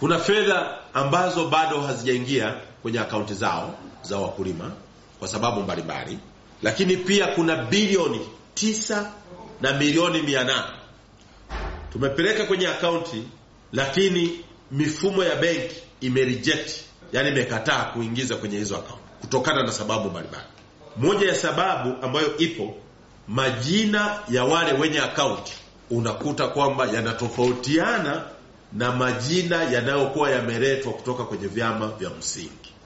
Kuna fedha ambazo bado hazijaingia kwenye akaunti zao za wakulima kwa sababu mbalimbali, lakini pia kuna bilioni tisa na milioni mia nane tumepeleka kwenye akaunti, lakini mifumo ya benki imereject, yani imekataa kuingiza kwenye hizo akaunti kutokana na sababu mbalimbali. Moja ya sababu ambayo ipo, majina ya wale wenye akaunti unakuta kwamba yanatofautiana na majina yanayokuwa yameletwa kutoka kwenye vyama vya msingi.